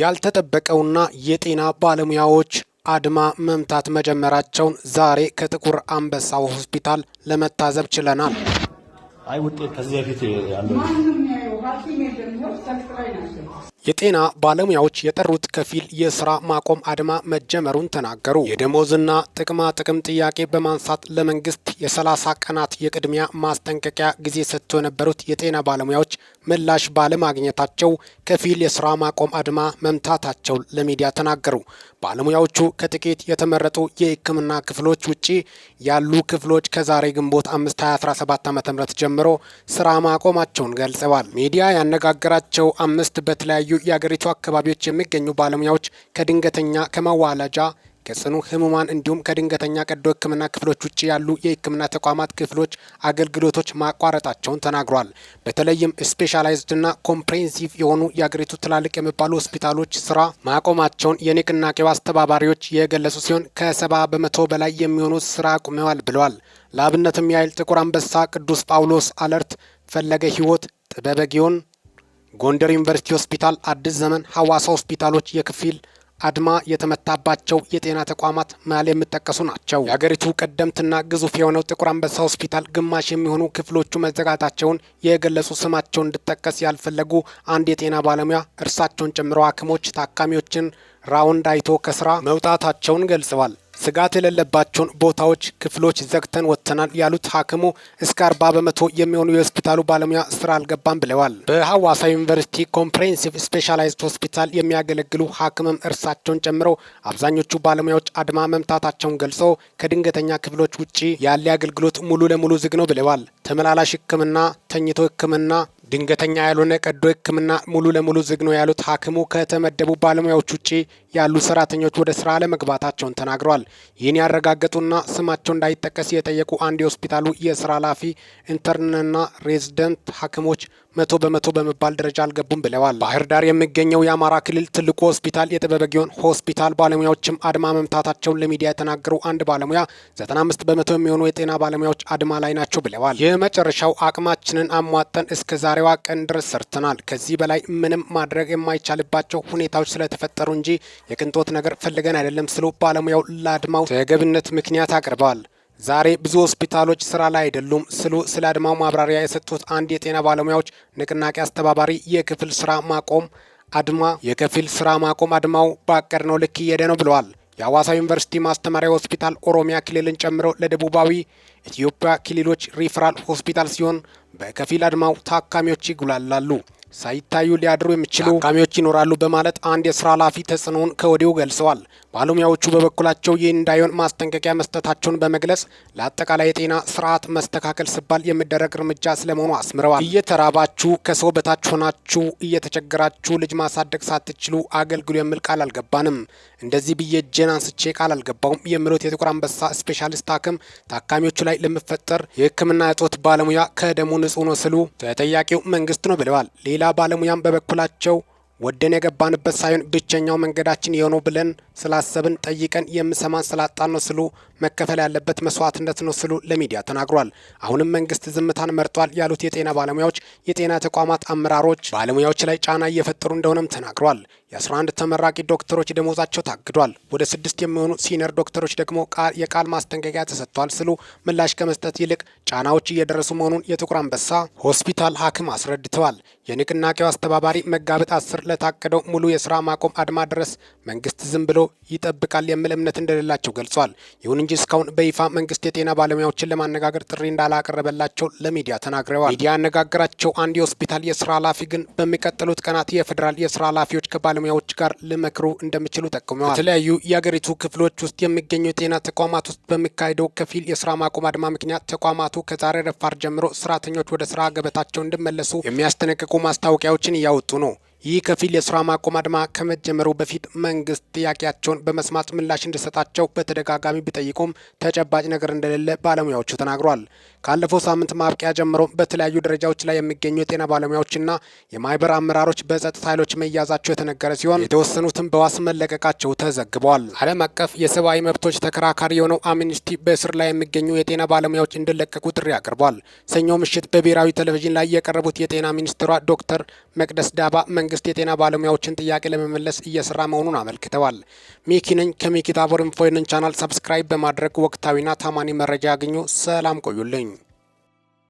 ያልተጠበቀውና የጤና ባለሙያዎች አድማ መምታት መጀመራቸውን ዛሬ ከጥቁር አንበሳ ሆስፒታል ለመታዘብ ችለናል። አይ ውጤት ከዚህ በፊት የጤና ባለሙያዎች የጠሩት ከፊል የስራ ማቆም አድማ መጀመሩን ተናገሩ። የደሞዝና ጥቅማ ጥቅም ጥያቄ በማንሳት ለመንግስት የሰላሳ ቀናት የቅድሚያ ማስጠንቀቂያ ጊዜ ሰጥቶ የነበሩት የጤና ባለሙያዎች ምላሽ ባለማግኘታቸው ከፊል የስራ ማቆም አድማ መምታታቸው ለሚዲያ ተናገሩ። ባለሙያዎቹ ከጥቂት የተመረጡ የሕክምና ክፍሎች ውጪ ያሉ ክፍሎች ከዛሬ ግንቦት 5 2017 ዓ.ም ጀምሮ ስራ ማቆማቸውን ገልጸዋል። ሚዲያ ያነጋገራቸው አምስት በተለያዩ በተለያዩ የአገሪቱ አካባቢዎች የሚገኙ ባለሙያዎች ከድንገተኛ ከመዋለጃ ከጽኑ ህሙማን እንዲሁም ከድንገተኛ ቀዶ ህክምና ክፍሎች ውጭ ያሉ የህክምና ተቋማት ክፍሎች አገልግሎቶች ማቋረጣቸውን ተናግሯል። በተለይም ስፔሻላይዝድና ኮምፕሬሄንሲቭ የሆኑ የአገሪቱ ትላልቅ የሚባሉ ሆስፒታሎች ስራ ማቆማቸውን የንቅናቄው አስተባባሪዎች የገለጹ ሲሆን ከሰባ በመቶ በላይ የሚሆኑት ስራ አቁመዋል ብለዋል። ለአብነትም ያህል ጥቁር አንበሳ፣ ቅዱስ ጳውሎስ፣ አለርት፣ ፈለገ ህይወት፣ ጥበበ ጊዮን ጎንደር ዩኒቨርሲቲ ሆስፒታል፣ አዲስ ዘመን፣ ሐዋሳ ሆስፒታሎች የክፊል አድማ የተመታባቸው የጤና ተቋማት መሀል የሚጠቀሱ ናቸው። የአገሪቱ ቀደምትና ግዙፍ የሆነው ጥቁር አንበሳ ሆስፒታል ግማሽ የሚሆኑ ክፍሎቹ መዘጋታቸውን የገለጹ ስማቸው እንዲጠቀስ ያልፈለጉ አንድ የጤና ባለሙያ እርሳቸውን ጨምረው ሐኪሞች ታካሚዎችን ራውንድ አይቶ ከስራ መውጣታቸውን ገልጸዋል። ስጋት የሌለባቸውን ቦታዎች፣ ክፍሎች ዘግተን ወጥተናል ያሉት ሐኪሙ እስከ አርባ በመቶ የሚሆኑ የሆስፒታሉ ባለሙያ ስራ አልገባም ብለዋል። በሀዋሳ ዩኒቨርሲቲ ኮምፕሬሄንሲቭ ስፔሻላይዝድ ሆስፒታል የሚያገለግሉ ሐኪምም እርሳቸውን ጨምሮ አብዛኞቹ ባለሙያዎች አድማ መምታታቸውን ገልጸው ከድንገተኛ ክፍሎች ውጪ ያለ አገልግሎት ሙሉ ለሙሉ ዝግ ነው ብለዋል። ተመላላሽ ሕክምና፣ ተኝቶ ሕክምና ድንገተኛ ያልሆነ ቀዶ ሕክምና ሙሉ ለሙሉ ዝግ ነው ያሉት ሐኪሙ ከተመደቡ ባለሙያዎች ውጭ ያሉ ሰራተኞች ወደ ስራ አለመግባታቸውን ተናግረዋል። ይህን ያረጋገጡና ስማቸው እንዳይጠቀስ የጠየቁ አንድ የሆስፒታሉ የስራ ኃላፊ ኢንተርንና ሬዚደንት ሐኪሞች መቶ በመቶ በመባል ደረጃ አልገቡም ብለዋል። ባህር ዳር የሚገኘው የአማራ ክልል ትልቁ ሆስፒታል የጥበበ ግዮን ሆስፒታል ባለሙያዎችም አድማ መምታታቸውን ለሚዲያ የተናገሩ አንድ ባለሙያ 95 በመቶ የሚሆኑ የጤና ባለሙያዎች አድማ ላይ ናቸው ብለዋል። የመጨረሻው አቅማችንን አሟጠን እስከ ዛሬዋ ቀን ድረስ ሰርተናል። ከዚህ በላይ ምንም ማድረግ የማይቻልባቸው ሁኔታዎች ስለተፈጠሩ እንጂ የቅንጦት ነገር ፈልገን አይደለም ስሉ ባለሙያው ለአድማው ተገብነት ምክንያት አቅርበዋል። ዛሬ ብዙ ሆስፒታሎች ስራ ላይ አይደሉም ስሉ ስለ አድማው ማብራሪያ የሰጡት አንድ የጤና ባለሙያዎች ንቅናቄ አስተባባሪ የክፍል ስራ ማቆም አድማ የከፊል ስራ ማቆም አድማው ባቀድነው ልክ እየሄደ ነው ብለዋል። የሐዋሳ ዩኒቨርሲቲ ማስተማሪያ ሆስፒታል ኦሮሚያ ክልልን ጨምሮ ለደቡባዊ ኢትዮጵያ ክልሎች ሪፈራል ሆስፒታል ሲሆን በከፊል አድማው ታካሚዎች ይጉላላሉ። ሳይታዩ ሊያድሩ የሚችሉ ታካሚዎች ይኖራሉ በማለት አንድ የስራ ኃላፊ ተጽዕኖውን ከወዲሁ ገልጸዋል። ባለሙያዎቹ በበኩላቸው ይህ እንዳይሆን ማስጠንቀቂያ መስጠታቸውን በመግለጽ ለአጠቃላይ የጤና ስርዓት መስተካከል ሲባል የሚደረግ እርምጃ ስለመሆኑ አስምረዋል። እየተራባችሁ ከሰው በታች ሆናችሁ እየተቸገራችሁ ልጅ ማሳደግ ሳትችሉ አገልግሉ የሚል ቃል አልገባንም፣ እንደዚህ ብዬ እጄን አንስቼ ቃል አልገባውም የሚሉት የጥቁር አንበሳ ስፔሻሊስት ሐኪም ታካሚዎቹ ላይ ለሚፈጠር የህክምና እጦት ባለሙያ ከደሙ ንጹህ ነው ስሉ ተጠያቂው መንግስት ነው ብለዋል። ሌላ ባለሙያም በበኩላቸው ወደን የገባንበት ሳይሆን ብቸኛው መንገዳችን የሆነው ብለን ስላሰብን ጠይቀን የምሰማን ስላጣን ነው ስሉ መከፈል ያለበት መስዋዕትነት ነው ስሉ ለሚዲያ ተናግሯል። አሁንም መንግስት ዝምታን መርጧል ያሉት የጤና ባለሙያዎች የጤና ተቋማት አመራሮች ባለሙያዎች ላይ ጫና እየፈጠሩ እንደሆነም ተናግሯል። የ11 ተመራቂ ዶክተሮች ደሞዛቸው ታግዷል። ወደ ስድስት የሚሆኑ ሲነር ዶክተሮች ደግሞ የቃል ማስጠንቀቂያ ተሰጥቷል ስሉ ምላሽ ከመስጠት ይልቅ ጫናዎች እየደረሱ መሆኑን የጥቁር አንበሳ ሆስፒታል ሐኪም አስረድተዋል። የንቅናቄው አስተባባሪ መጋቢት አስር ለታቀደው ሙሉ የስራ ማቆም አድማ ድረስ መንግስት ዝም ብሎ ይጠብቃል የሚል እምነት እንደሌላቸው ገልጿል። ይሁን እንጂ እስካሁን በይፋ መንግስት የጤና ባለሙያዎችን ለማነጋገር ጥሪ እንዳላቀረበላቸው ለሚዲያ ተናግረዋል። ሚዲያ ያነጋገራቸው አንድ የሆስፒታል የስራ ኃላፊ ግን በሚቀጥሉት ቀናት የፌዴራል የስራ ኃላፊዎች ከባለሙያዎች ጋር ሊመክሩ እንደሚችሉ ጠቁመዋል። በተለያዩ የአገሪቱ ክፍሎች ውስጥ የሚገኙ የጤና ተቋማት ውስጥ በሚካሄደው ከፊል የስራ ማቆም አድማ ምክንያት ተቋማቱ ከዛሬ ረፋር ጀምሮ ሰራተኞች ወደ ስራ ገበታቸው እንዲመለሱ የሚያስጠነቅቁ ማስታወቂያዎችን እያወጡ ነው። ይህ ከፊል የስራ ማቆም አድማ ከመጀመሩ በፊት መንግስት ጥያቄያቸውን በመስማት ምላሽ እንዲሰጣቸው በተደጋጋሚ ቢጠይቁም ተጨባጭ ነገር እንደሌለ ባለሙያዎቹ ተናግሯል። ካለፈው ሳምንት ማብቂያ ጀምሮ በተለያዩ ደረጃዎች ላይ የሚገኙ የጤና ባለሙያዎችና የማህበር አመራሮች በጸጥታ ኃይሎች መያዛቸው የተነገረ ሲሆን የተወሰኑትም በዋስ መለቀቃቸው ተዘግቧል። ዓለም አቀፍ የሰብአዊ መብቶች ተከራካሪ የሆነው አምኒስቲ በእስር ላይ የሚገኙ የጤና ባለሙያዎች እንዲለቀቁ ጥሪ አቅርቧል። ሰኞ ምሽት በብሔራዊ ቴሌቪዥን ላይ የቀረቡት የጤና ሚኒስትሯ ዶክተር መቅደስ ዳባ መንግስት የጤና ባለሙያዎችን ጥያቄ ለመመለስ እየሰራ መሆኑን አመልክተዋል። ሚኪ ነኝ ከሚኪ ታቦር ቻናል ሰብስክራይብ በማድረግ ወቅታዊና ታማኒ መረጃ ያገኙ። ሰላም ቆዩልኝ።